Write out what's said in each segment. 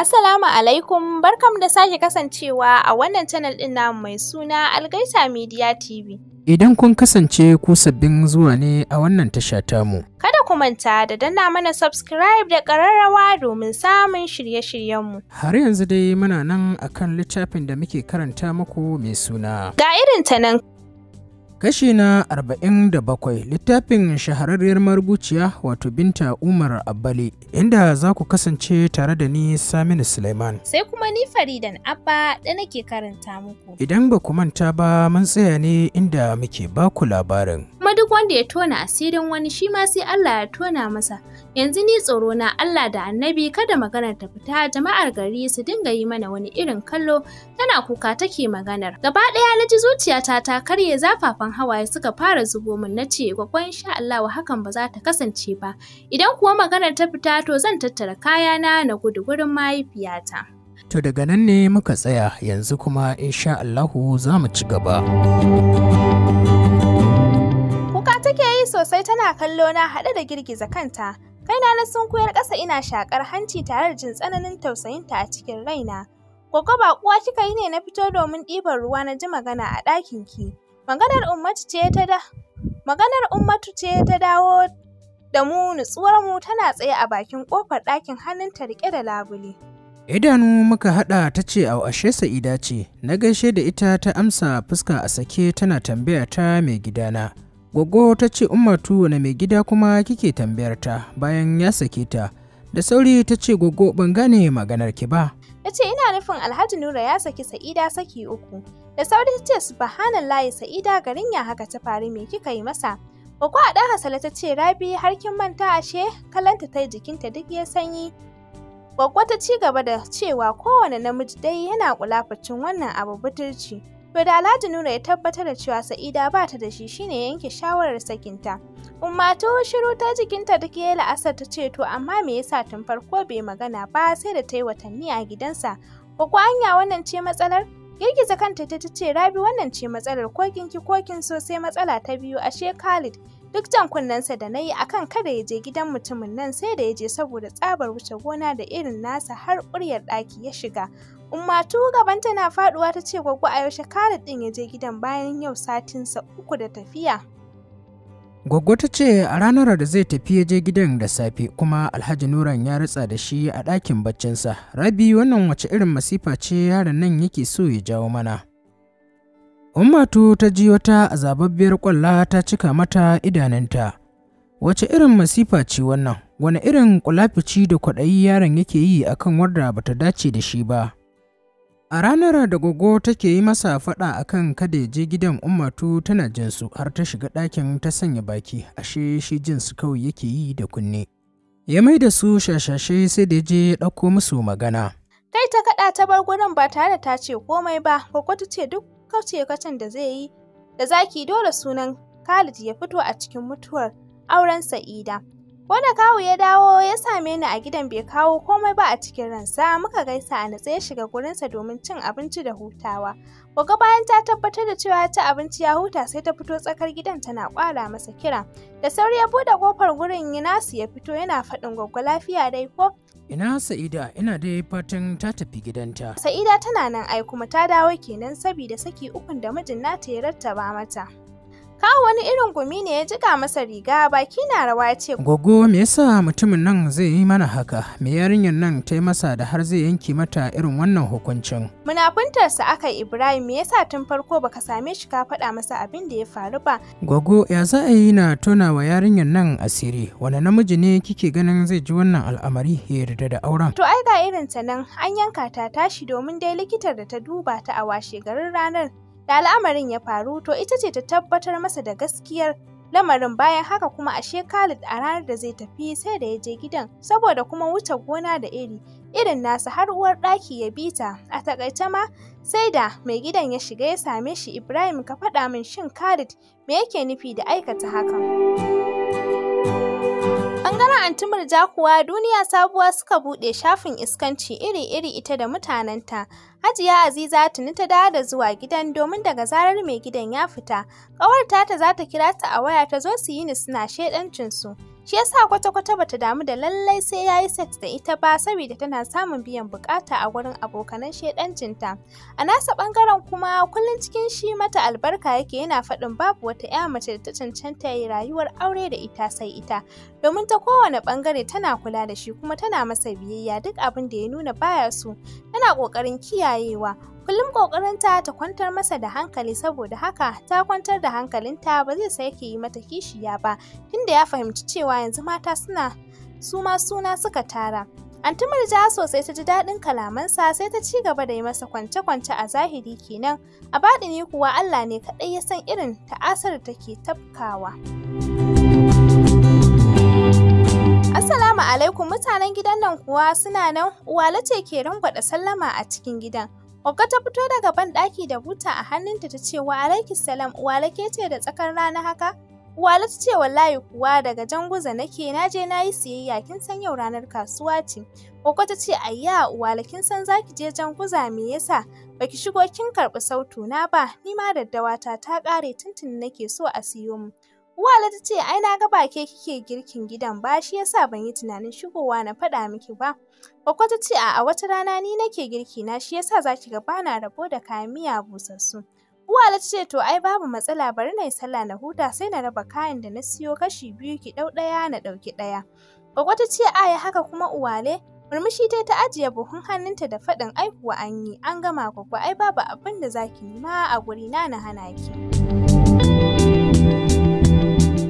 Assalamu alaikum barkam da sake kasancewa a wannan channel ɗin namu mai suna Algaita Media TV. Idan kun kasance ku sabbin zuwa ne a wannan tasha mu. Kada ku manta da danna mana subscribe da ƙararrawa domin samun shirye-shiryenmu. Har yanzu dai muna nan akan littafin da muke karanta muku mai suna. Ga irin ta nan Kashi na 47 littafin shahararriyar marubuciya wato Binta Umar Abbali inda za ku kasance tare da ni Saminu Suleiman. Sai kuma ni Faridan Abba da nake karanta muku. Idan ba ku manta ba mun tsaya ne inda muke baku labarin. kuma duk wanda ya tona asirin wani shi ma sai Allah ya tona masa yanzu ni tsoro na Allah da annabi kada maganar ta fita jama'ar gari su dinga yi mana wani irin kallo tana kuka take maganar gaba ɗaya na ji zuciyata ta karye zafafan hawaye suka fara zubo min na ce gwaggon insha Allah hakan ba za ta kasance ba idan kuwa maganar ta fita to zan tattara kayana na gudu gurin mahaifiyata. To daga nan ne muka tsaya yanzu kuma insha Allahu za mu ci gaba. take yi sosai tana kallo na haɗe da girgiza kanta. Kaina na sun sunkuyar ƙasa ina shakar hanci tare da jin tsananin tausayinta a cikin raina. Gwaggo ba kuwa kika yi ne na fito domin ɗiban ruwa na ji magana a ɗakin ki. Maganar Ummatu ce ta da Maganar Ummatu ce ta dawo da mu nutsuwar mu tana tsaye a bakin ƙofar ɗakin hannunta riƙe da labule. Idan muka haɗa ta ce a ashe Sa'ida ce, na gaishe da ita ta amsa fuska a sake tana tambaya ta mai gidana. Gwaggo ta ce Ummatu na mai gida kuma kike tambayar ta bayan ya sake ta. Da sauri ta ce Gwaggo ban gane maganar ki ba. Ta ce ina nufin Alhaji Nura ya saki Sa'ida saki uku. Da sauri ta ce subhanallahi Sa'ida garin ya haka ta faru me kika yi masa? Gwaggo a ɗan Hasala ta ce Rabi har kin manta ashe kalanta ta jikinta duk ya sanyi. Gwaggo ta ci gaba da cewa kowane namiji dai yana kulafacin wannan abu budurci. To da Alhaji Nura ya tabbatar da cewa Sa'ida ba ta da shi shine yanke shawarar sakinta. Ummatu shiru ta jikinta ke ke la'asar ta ce to amma me yasa tun farko bai magana ba sai da ta yi watanni a gidansa. Ko anya wannan ce matsalar? Girgiza kanta ta ce Rabi wannan ce matsalar ko kinki ko kin so sai matsala ta biyu ashe Khalid. Duk jan kunnensa da na yi a kan kada ya je gidan mutumin nan sai da ya je saboda tsabar wuce gona da irin nasa har ƙuryar ɗaki ya shiga. tu gaban tana faɗuwa ta ce gwaggo a yaushe kara ɗin ya je gidan bayan yau satinsa uku da tafiya. Gwaggo ta ce a ranar da zai tafi ya je gidan da safe kuma Alhaji Nuran ya ritsa da shi a ɗakin baccinsa. Rabi wannan wace irin masifa ce yaron nan yake so ya jawo mana. Ummatu ta ji wata azababbiyar ƙwalla ta cika mata idanunta. Wace irin masifa ce wannan, wani irin kulafici da kwaɗayi yaron yake yi a kan wadda ba ta dace da shi ba. A ranar da gogo take yi masa faɗa a kan kada ya je gidan ummatu tana jinsu har ta shiga ɗakin ta sanya baki, ashe shi jinsu kawai yake yi da kunne. Ya mai da su shashashe sai da ya je ya ɗauko musu magana. Kai ta kaɗa ta bar gurin ba tare da ta ce komai ba, ta ce duk kauce kacin da zai yi da zaki dole sunan Khalid ya fito a cikin mutuwar auren Sa'ida. Wanda kawu ya dawo ya same ni a gidan bai kawo komai ba a cikin ransa muka gaisa a natsaye shiga gurinsa domin cin abinci da hutawa. Goga bayan ta tabbatar da cewa ta abinci ya huta sai ta fito tsakar gidan tana kwala masa kira. Da sauri ya bude kofar gurin nasu ya fito yana faɗin gwaggo lafiya dai ko Ina Sa'ida ina da fatan ta tafi gidanta. Sa'ida tana nan ai kuma ta dawo kenan saboda saki ukun da mijin nata ya rattaba mata. Kawo wani irin gumi ne ya jika masa riga baki na rawa ce. Gogo me yasa mutumin nan zai yi mana haka? Me yarinyar nan ta yi masa da har zai yanke mata irin wannan hukuncin? Munafuntarsa aka Ibrahim me yasa tun farko baka same shi ka faɗa masa abin da ya faru ba? Gogo ya za a yi na tona wa yarinyar nan asiri? Wani namiji ne kike ganin zai ji wannan al'amari ya yarda da auren? To ai ga irin ta nan an yanka ta tashi domin dai likitar da ta duba ta a washe garin ranar da al'amarin ya faru to ita ce ta tabbatar masa da gaskiyar lamarin bayan haka kuma ashe Khalid a ranar da zai tafi sai da ya je gidan saboda kuma wuce gona da iri irin nasa har uwar ɗaki ya bita a takaice ma sai da mai gidan ya shiga ya same shi Ibrahim ka faɗa min shin Khalid me yake nufi da aikata hakan. Laura Antumurja kuwa duniya sabuwa suka buɗe shafin iskanci iri-iri ita da mutanenta. Hajiya Aziza tuni ta dawo da zuwa gidan domin daga zarar mai gidan ya fita, ƙawarta ta za ta kira ta a waya ta zo su yi ni suna su. Shi yasa kwata-kwata bata damu da lallai sai yayi sex da ita ba saboda tana samun biyan bukata a wurin abokanan shedancinta. A nasa bangaren kuma kullum cikin shi mata albarka yake yana faɗin babu wata 'ya mace da ta cancanta yi rayuwar aure da ita sai ita. Domin ta kowane bangare tana kula da shi kuma tana masa biyayya duk abin da ya nuna baya so. Tana kokarin kiyayewa Kullum ƙoƙarinta ta kwantar masa da hankali saboda haka ta kwantar da hankalinta ba zai sake yi mata kishiya ba, tunda ya fahimci cewa yanzu mata suna su ma suna suka tara. Anti Murja sosai ta ji daɗin kalamansa sai ta ci gaba da yi masa kwance-kwance a zahiri kenan, a ne kuwa Allah ne kaɗai ya san irin ta'asar da take tafkawa. Assalamu alaikum mutanen gidan nan kuwa suna nan, uwa ce ke rangwada sallama a cikin gidan. Gwaggo ta fito daga banɗaki da buta a hannunta ta ce wa alaiki salam uwala ke ce da tsakar rana haka? Uwale ta ce wallahi kuwa daga janguza nake na je na yi siyayya kin san yau ranar kasuwa ce. Gwaggo ta ce ayya uwale kin san za ki je janguza me yasa? Baki shigo kin karɓi sautu na ba ni ma daddawata ta ƙare tuntun nake so a siyo mu. Uwale ta ce ai na ga ba ke kike girkin gidan ba shi yasa ban yi tunanin shigowa na faɗa miki ba. Okwa ta ce a'a wata rana ni nake girki na shi yasa zaki ga bana rabo da kayan miya busassu. Uwa ta ce to ai babu matsala bari na yi sallah na huta sai na raba kayan da na siyo kashi biyu ki ɗau ɗaya na ɗauki ɗaya. Okwa ta ce a ya haka kuma uwale murmushi ta ta ajiye buhun hannunta da faɗin ai kuwa an yi an gama kwakwa ai babu abin da zaki yi ma a guri na na hana ki.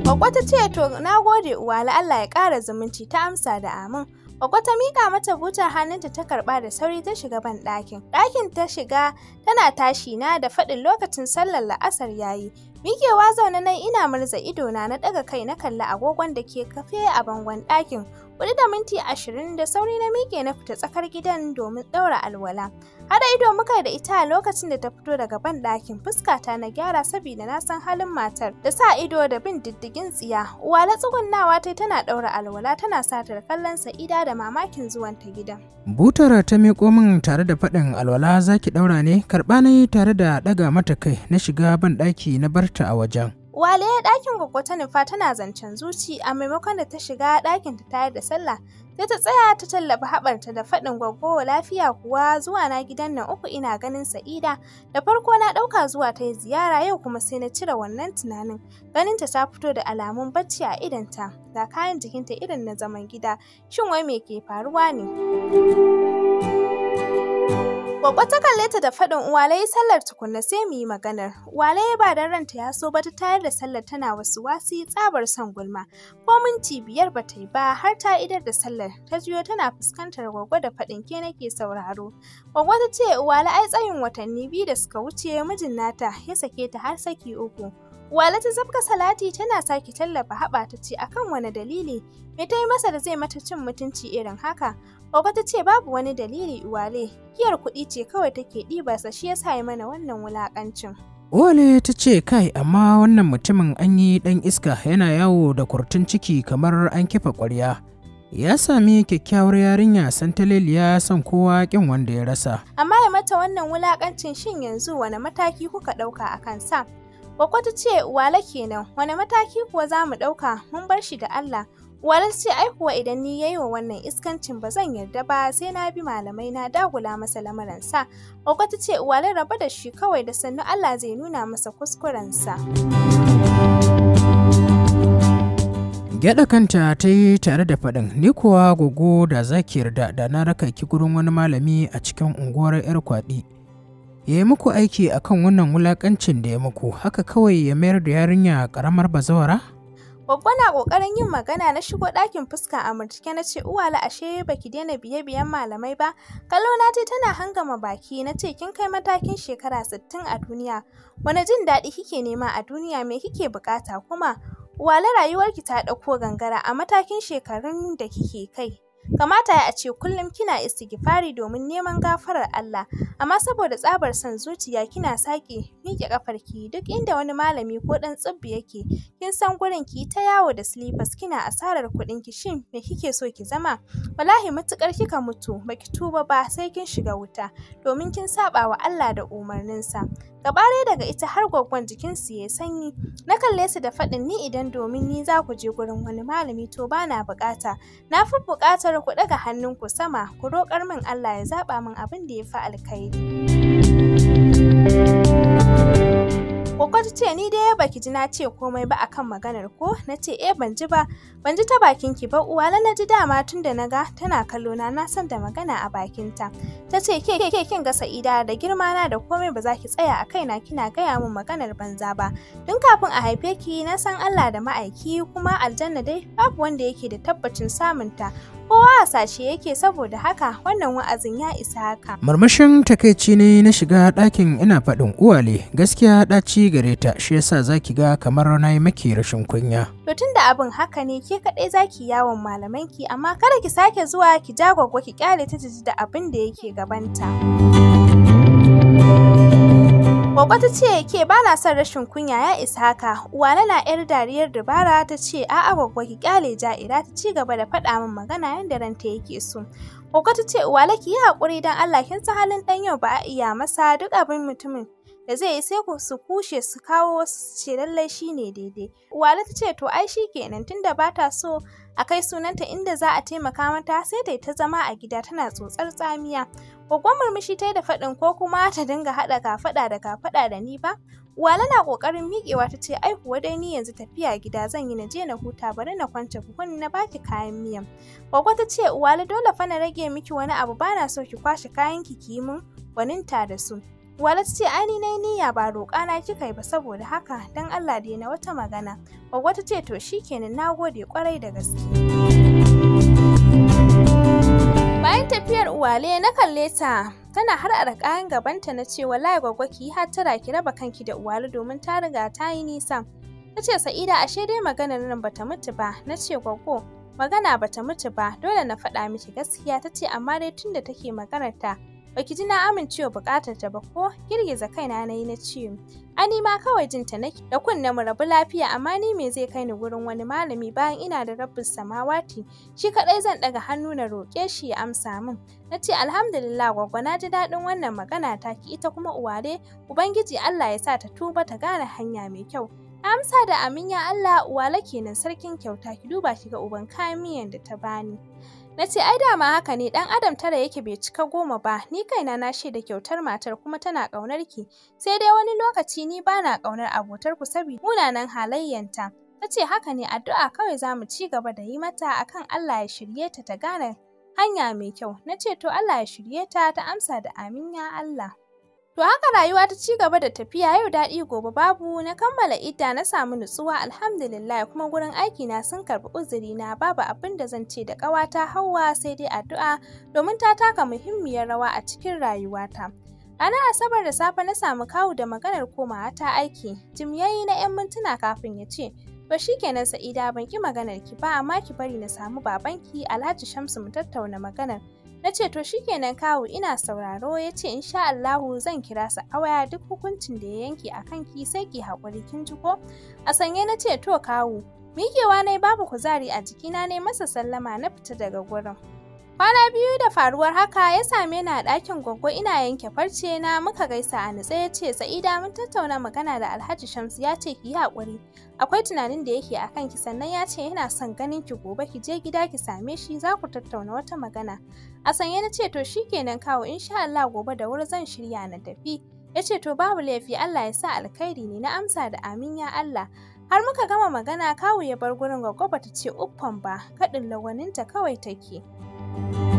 Okwa ta ce to na gode uwale Allah ya ƙara zumunci ta amsa da amin. Gwaggo ta miƙa mata butar hannunta ta karba da sauri ta shiga ban ɗakin. ɗakin ta shiga tana tashi na da faɗin lokacin sallar la'asar yayi. Mikewa zaune nan ina murza idona na ɗaga kai na kalli agogon da ke kafe a bangon ɗakin. Kuɗi da minti ashirin da sauri na mike na fita tsakar gidan domin ɗaura alwala. Hada ido muka da ita a lokacin da ta fito daga ban ɗakin fuskata na gyara saboda na san halin matar da sa ido da bin diddigin tsiya. uwa na tsugunnawa ta tana ɗaura alwala tana satar kallon sa Ida da mamakin zuwan ta gidan. Butar ta miƙo min tare da faɗin alwala zaki ɗaura ne karɓa na yi tare da ɗaga mata kai na shiga ban ɗaki na bar barta a wajen. Wale ya ɗakin gwaggo ta nufa tana zancen zuci a maimakon da ta shiga ɗakin ta tayar da sallah sai ta tsaya ta tallafa haɓarta da faɗin gwaggo lafiya kuwa zuwa na gidan nan uku ina ganin sa'ida da farko na ɗauka zuwa ta yi ziyara yau kuma sai na cire wannan tunanin ganin ta ta fito da alamun bacci a idon ta da kayan jikinta irin na zaman gida shin wai me ke faruwa ne. Gwaggo ta kalle ta da faɗin Wale yi sallar tukunna sai mu yi maganar. ya ba da ranta ya so ba ta tayar da sallar tana wasu wasi tsabar son gulma. Ko minti biyar ba ta yi ba har ta idar da sallar ta juyo tana fuskantar gwaggo da faɗin ke nake sauraro. Gwaggo ta ce Wale ai tsayin watanni biyu da suka wuce mijin nata ya sake ta har saki uku. Wale ta zabka salati tana sake tallafa haɓa ta ce akan wani dalili me ta yi masa da zai mata cin mutunci irin haka. Oba ta ce babu wani dalili Uwale, giyar kuɗi ce kawai take sa shi ya sa ya mana wannan wulaƙancin. Uwale ta ce kai amma wannan mutumin an yi ɗan iska yana yawo da kurtun ciki kamar an kifa ƙwarya. Ya sami kyakkyawar yarinya ya son kowa ƙin wanda ya rasa. Amma ya mata wannan wulaƙancin shin yanzu wani mataki kuka ɗauka a kansa? Gwaggo ta ce Uwale kenan wani mataki kuwa za mu ɗauka mun bar shi da Allah Walas ce ai kuwa idan ni yayi wa wannan iskancin ba zan yarda ba sai na bi malamai na dagula masa lamaransa. Ogo ta ce raba da shi kawai da sannu Allah zai nuna masa kuskurensa. Gyaɗa kanta ta yi tare da faɗin, ni kuwa gogo da zaki yarda da na raka ki gurin wani malami a cikin unguwar 'yar kwaɗi. ya yi muku aiki akan wannan wulakancin da ya muku haka kawai ya mayar da yarinya karamar bazawara? Babba na ƙoƙarin yin magana na shigo ɗakin fuska a murtuke na ce uwala ashe baki daina biye biyan malamai ba. Kallo na ce tana hangama baki na ce kin kai matakin shekara sittin a duniya. Wani jin daɗi kike nema a duniya me kike buƙata kuma? Uwala rayuwarki ta ɗauko gangara a matakin shekarun da kike kai. Kamata ya ce kullum kina istighfari domin neman gafarar Allah, amma saboda tsabar san zuciya kina sake miƙe ƙafarki duk inda wani malami ko ɗan tsibbi yake, kin san gurin ki ta yawo da silifas kina asarar kuɗin ki shin me kike so ki zama? Wallahi matuƙar kika mutu baki tuba ba sai kin shiga wuta domin kin saɓa wa Allah da umarninsa. Gaba daga ita har gwaggon jikinsu ya sanyi. Na kalle su da faɗin ni idan domin ni za ku je gurin wani malami to ba na buƙata. Na fi buƙatar ku ɗaga ku sama ku roƙar min Allah ya zaɓa min abin da ya fi alkhairi. Koko ta ce ni dai baki ji na ce komai ba akan maganar ko na ce eh ban ji ba ban ji ta bakin ki ba uwa na ji dama tun da naga tana kallo na na san da magana a bakinta. Ta ce ke ke kin ga Sa'ida da girma na da komai ba za ki tsaya a kaina kina gaya min maganar banza ba. Tun kafin a haife ki na san Allah da ma'aiki kuma aljanna dai babu wanda yake da tabbacin samunta kowa a sashe yake saboda haka wannan wa'azin ya isa haka. Marmashin takaici ne na shiga ɗakin ina faɗin uwale gaskiya ɗaci gare ta shi yasa zaki ga kamar na yi maki rashin kunya. To tun da abin haka ne ke kaɗai zaki yawon malamanki amma kada ki sake zuwa ki jagwagwa ki kyale ta da abin da yake gabanta. Gwaggo ta ce ke ba na son rashin kunya ya isa haka. Uwale na yar dariyar dabara ta ce a'a gwaggo ki kyale ja'ira ta ci gaba da faɗa min magana yadda ranta yake so. Gwaggo ta ce wala ki yi haƙuri don Allah kin san halin ɗan yau ba a iya masa duk abin mutumin da zai yi sai ku su kushe su kawo wasu su ce lallai shi ne daidai. Uwale ta ce to ai shi kenan tunda ba ta so a kai sunanta inda za a taimaka mata sai ta ta zama a gida tana tsotsar tsamiya. Gwaggon murmushi ta yi da faɗin ko kuma ta dinga haɗa kafaɗa da kafaɗa da ni ba. Wala na ƙoƙarin miƙewa ta ce ai kuwa dai ni yanzu tafiya gida zan yi na je na huta bari na kwance buhun na baki kayan miyan. Gwaggo ta ce Wala dole fa na rage miki wani abu ba na so ki kwashe kayan ki ki min gwaninta da su. Wala ta ce ai ni nayi niyya ba roƙa na kika yi ba saboda haka dan Allah dai na wata magana. Gwaggo ta ce to shikenan gode kwarai da gaske. bayan tafiyar uwale na kalle ta tana har a kayan gabanta na cewa wallahi gwaggwa ki tara ki raba kanki da uwale domin ta riga ta yi nisa ta ce sa'ida ashe dai maganar nan bata mutu ba na ce gwaggo magana bata mutu ba dole na faɗa miki gaskiya ta ce amma dai tunda take maganar ta Baki ji na amincewa bukatar ta ba ko girgiza kaina na yi na ce ani ma kawai jin ta nake da kunna mu rabu lafiya amma ni me zai kai ni gurin wani malami bayan ina da rabbin samawati shi kadai zan daga hannu na roke shi ya amsa min na ce alhamdulillah gwagwa na ji daɗin wannan magana ta ki ita kuma uware ubangiji Allah ya sa ta tuba ta gane hanya mai kyau amsa da amin ya Allah uwale kenan sarkin kyauta ki duba ki ga uban kayan miyan da ta bani Na ce ai dama haka ne dan adam tara yake bai cika goma ba ni kaina na shaida kyautar matar kuma tana kaunar ki sai dai wani lokaci ni bana kaunar abotar ku saboda munanan halayyanta. Ta ce haka ne addu'a kawai za mu ci gaba da yi mata akan Allah ya shirye ta ta gane hanya mai kyau. Na ce to Allah ya shirye ta ta amsa da amin ya Allah. To haka rayuwa ta ci gaba da tafiya yau daɗi gobe babu na kammala idda na samu nutsuwa alhamdulillah kuma gurin aiki na sun karɓi uzuri na babu abin da zan ce da ƙawata Hauwa sai dai addu'a domin ta taka muhimmiyar rawa a cikin rayuwata. Ranar Asabar da safe na samu kawu da maganar komawa ta aiki. Jim yayi na 'yan mintuna kafin ya ce, Ba shi kenan Sa'ida ban ki maganar ki ba amma ki bari na samu babanki Alhaji Shamsu mu tattauna maganar. Na ce to shikenan kawu ina sauraro ya ce insha Allahu zan kira sa a waya duk hukuncin da ya yanke a kan ki, sai ki haƙuri kin ji ko? A sanye na ce to kawu, mikewa ne babu kuzari a jikina ne masa sallama na fita daga gurin. Kwana biyu da faruwar haka ya same ni a ɗakin gwaggo ina yanke farce na muka gaisa a nutse ya ce Sa'ida mun tattauna magana da Alhaji Shamsu ya ce ki yi haƙuri. Akwai tunanin da yake akan ki sannan ya ce yana son ganin ki gobe ki je gida ki same shi za ku tattauna wata magana. A sanye na ce to shikenan kawo insha Allah gobe da wuri zan shirya na tafi. Ya ce to babu laifi Allah ya sa alkhairi ne na amsa da amin ya Allah. Har muka gama magana kawu ya bar gurin gwaggo bata ce uffan ba kaɗin lawaninta kawai take. you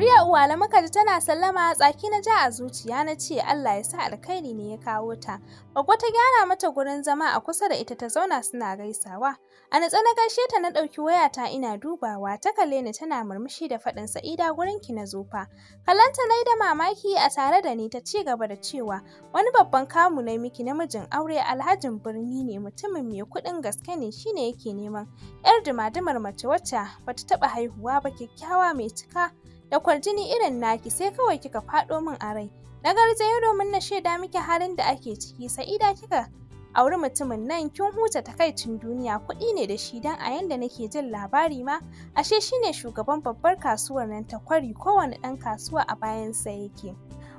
Murya uwala muka ji tana sallama tsaki na ja a zuciya na ce Allah ya sa alkhairi ne ya kawo ta. Gwaggo ta gyara mata gurin zama a kusa da ita ta zauna suna gaisawa. A natsa na gaishe ta na ɗauki wayata ina dubawa ta kalle ni tana murmushi da faɗin sa'ida gurin ki na zofa. Kallanta na da mamaki a tare da ni ta ci gaba da cewa wani babban kamu na miki namijin aure alhajin birni ne mutumin mai kuɗin gaske ne shine yake neman yar dumadumar mace wacce bata taɓa haihuwa ba kyakkyawa mai cika da kwarjini irin naki sai kawai kika faɗo min a rai. Na garzayo domin na shaida miki halin da ake ciki sa'ida kika auri mutumin nan kin huta takaicin duniya kuɗi ne da shi dan a yanda nake jin labari ma ashe shine shugaban babbar kasuwar nan ta kwari kowane ɗan kasuwa a bayansa yake.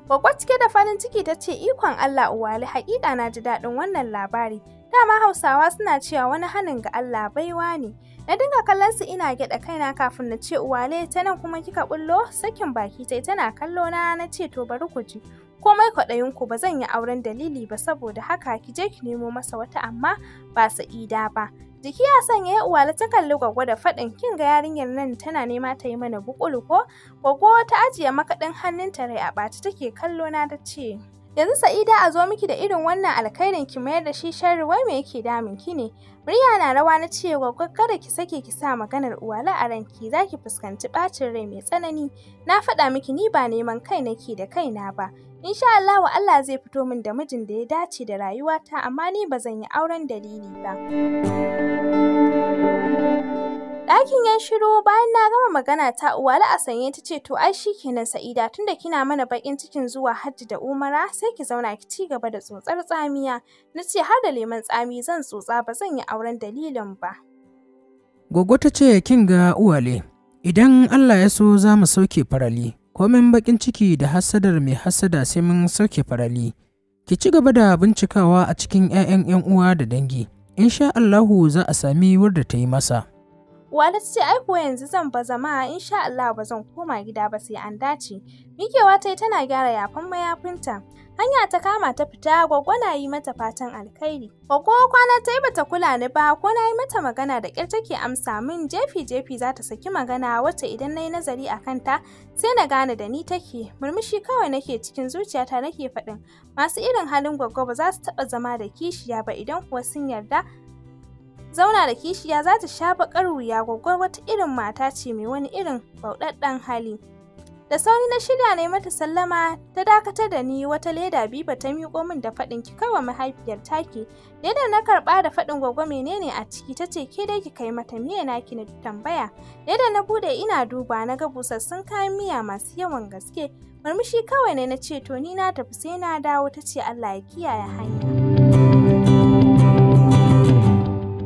Gwagwa cike da farin ciki ta ce ikon Allah uwali haƙiƙa na ji daɗin wannan labari Dama Hausawa suna cewa wani hanin ga Allah baiwa ne. Na dinga kallon su ina gyaɗa kaina kafin na ce uwale ta nan kuma kika bullo sakin baki tai tana kallo na na ce to bari ku ji. Komai kwaɗayinku ba zan yi auren dalili ba saboda haka ki je ki nemo masa wata amma ba sa ida ba. Jiki ya sanya ya uwale ta kalli gwaggo da faɗin kin ga yarinyar nan tana nema ta yi mana bukulu ko? Gwaggo ta ajiye makaɗin hannunta rai a ɓaci take kallo na ta ce. Yanzu Sa'ida a zo miki da irin wannan alkhairin ki mayar da shi sharri wai me yake damun ki ne? Murya na rawa na cewa ga kada ki sake ki sa maganar uwala a ranki za fuskanci bacin rai mai tsanani. Na faɗa miki ni ba neman kai nake da kaina ba. Insha Allah wa Allah zai fito min da mijin da ya dace da rayuwata amma ni ba zan yi auren dalili ba. Ɗakin ya shiru bayan na gama magana ta Uwala a sanye ta ce to ai shikenan Sa'ida tunda kina mana bakin cikin zuwa Hajji da Umara sai ki zauna ki ci gaba da tsotsar tsamiya. Na ce har da leman tsami zan tsotsa ba zan yi auren dalilin ba. Gogo ta ce kin ga Uwale idan Allah ya so za mu sauke farali komin bakin ciki da hasadar mai hasada sai mun sauke farali. Ki ci gaba da bincikawa a cikin 'ya'yan 'yan uwa da dangi. Insha Allahu za a sami wadda ta yi masa. Uwa ta ce ai yanzu zan baza ma sha Allah ba zan koma gida ba sai an dace. Mikewa ta yi tana gyara yafan mayafinta. Hanya ta kama ta fita gwaggo na yi mata fatan alkhairi. Gwaggo kwana ta yi bata kula ni ba ko na yi mata magana da ƙyar take amsa min jefi jefi za ta saki magana wacce idan na yi nazari a kanta sai na gane da ni take. Murmushi kawai nake cikin zuciyata nake faɗin masu irin halin gwaggo ba za su taɓa zama da kishiya ba idan kuwa sun yarda zauna da kishiya za ta sha bakar wuya gwaggwar wata irin mata ce mai wani irin bauɗaɗɗen hali da sauri na shirya ne mata sallama ta dakatar da ni wata leda biba ta miƙo min da faɗin ki kawa mahaifiyar take leda na karɓa da faɗin gwaggwa menene a ciki ta ce ke dai ki kai mata miya na ki na tambaya leda na bude ina duba na ga busassun kayan miya masu yawan gaske murmushi kawai ne na ce to ni na tafi sai na dawo ta ce Allah ya kiyaye hanya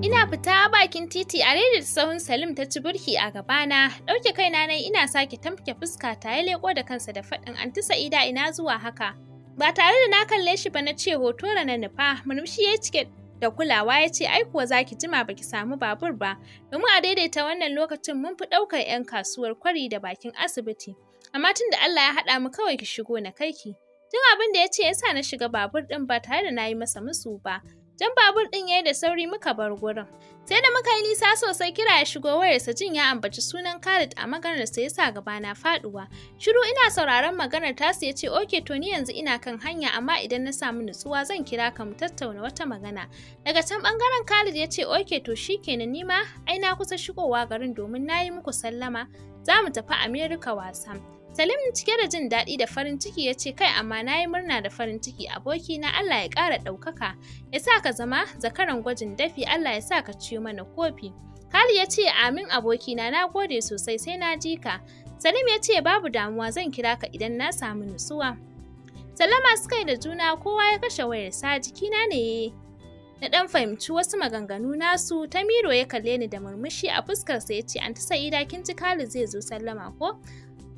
Ina fita bakin titi a da sahun Salim ta ci burki a gabana, ɗauke kaina nan ina sake tamke fuska ta ya leƙo da kansa da faɗin anti sa'ida ina zuwa haka. Ba tare da na kalle shi ba na ce hoto na nufa, murmushi ya cike da kulawa ya ce ai kuwa za ki jima baki samu babur ba, domin a daidaita wannan lokacin mun fi ɗaukar 'yan kasuwar kwari da bakin asibiti. Amma tun da Allah ya haɗa mu kawai ki shigo na kai ki. Tun abin da ya ce ya sa na shiga babur ɗin ba tare da na yi masa musu ba, Jan babur ɗin yayi da sauri muka bar gurin. Sai da muka yi nisa sosai kira ya shigo wayarsa jin ya ambaci sunan Khalid a maganarsa ya sa gaba na faduwa. Shiru ina sauraron maganar tasu ya ce oke to ni yanzu ina kan hanya amma idan na samu nutsuwa zan kira ka mu tattauna wata magana. Daga can bangaren Khalid ya ce oke to shikenan nima ai na kusa shigowa garin domin nayi muku sallama za mu tafi Amerika wasan Salim cike da jin daɗi da farin ciki ya ce kai amma na yi murna da farin ciki aboki na Allah ya ƙara ɗaukaka ya sa ka zama zakaran gwajin dafi Allah ya sa ka ciyo mana kofi. Kali ya ce amin aboki na na gode sosai sai na ji ka. Salim ya ce babu damuwa zan kira ka idan na samu nutsuwa. Salama suka yi da juna kowa ya kashe wayar wayarsa jikina ne na ɗan fahimci wasu maganganu nasu Tamiro ya kalle ni da murmushi a fuskarsa ya ce Anta Sa'ida kin ji kali zai zo sallama ko?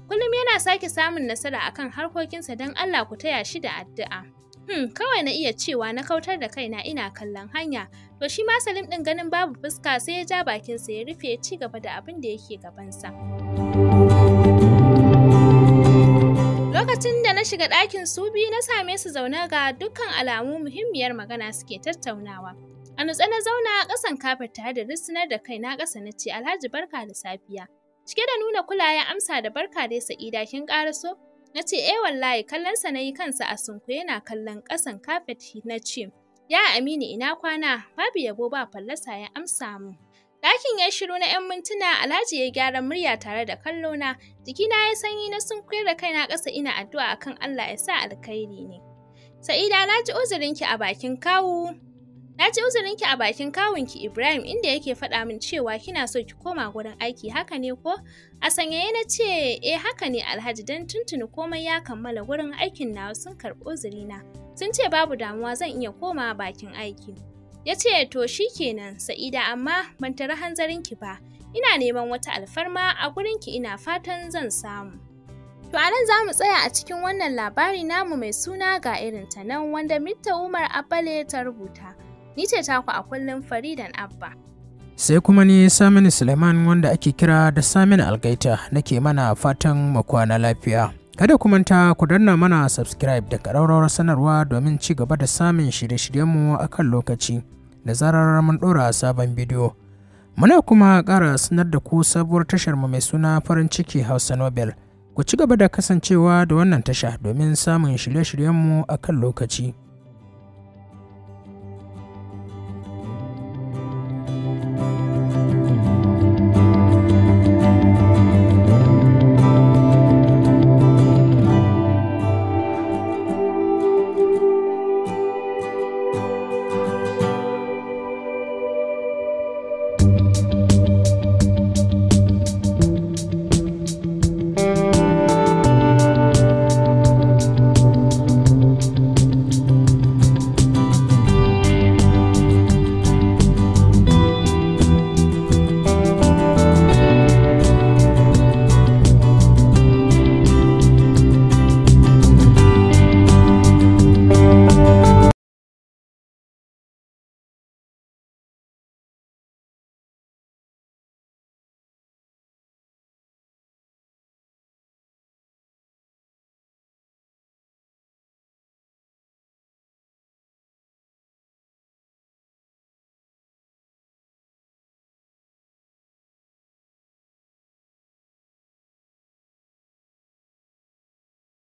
Kullum yana sake samun nasara akan harkokinsa don Allah ku taya shi da addu'a. Hmm, kawai na iya cewa na kautar da kaina ina kallon hanya. To shi ma Salim ɗin ganin babu fuska sai ya ja bakinsa ya rufe ya ci gaba da abin da yake gabansa. Lokacin da na shiga ɗakin su biyu na same su zaune ga dukkan alamu muhimmiyar magana suke tattaunawa. A nutse na zauna a ƙasan kafet tare da risinar da kaina ƙasa na ce Alhaji barka da safiya. Cike da nuna kula ya amsa da barka dai Sa'ida kin ƙaraso? Na ce eh wallahi kallonsa na yi kansa a sunku yana kallon ƙasan kafet na ce ya amini, ina kwana babu yabo ba fallasa ya amsa mu. Ɗakin ya shiru na 'yan mintuna Alhaji ya gyara murya tare da kallona, jikina ya sanyi na sunkuyar da kaina ƙasa ina addu'a akan Allah ya sa alkhairi ne. Sa'ida na ji uzurinki a bakin kawu Na ji ki a bakin kawun ki Ibrahim inda yake faɗa min cewa kina so ki koma gurin aiki haka ne ko? A sanyaye na ce, eh haka ne Alhaji don tuntuni komai ya kammala gurin aikin na sun karɓi uzurina. Sun ce babu damuwa zan iya koma bakin aiki. Ya ce, to shi kenan Sa'ida amma ban tara hanzarinki ba. Ina neman wata alfarma a ki ina fatan zan samu. To anan za mu tsaya a cikin wannan labari namu mai suna ga irin ta nan wanda Mita Umar Abale ta rubuta. Ni ce taku a kullum Faridan Abba. Sai kuma ni Saminu Suleiman wanda ake kira da samin Algaita nake mana fatan makwana lafiya. Kada ku manta ku danna mana subscribe da ƙararrawar sanarwa domin ci gaba da samun shirye-shiryenmu a kan lokaci da zarar mun ɗora sabon bidiyo. Muna kuma ƙara sanar da ku sabuwar tashar mu mai suna farin ciki Hausa Nobel. Ku ci gaba da kasancewa da wannan tasha domin samun shirye-shiryenmu a kan lokaci.